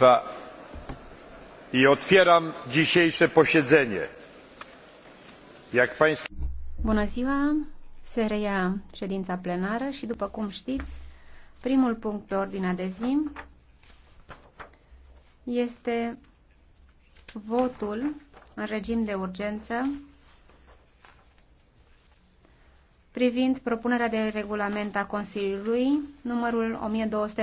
państwa! otwieram dzisiejsze posiedzenie. jak państwo. bună ziua! se reia ședința plenară și după cum știți primul punct pe ordinea de zi este votul în regim de urgență privind propunerea de regulament a Consiliului numărul 1200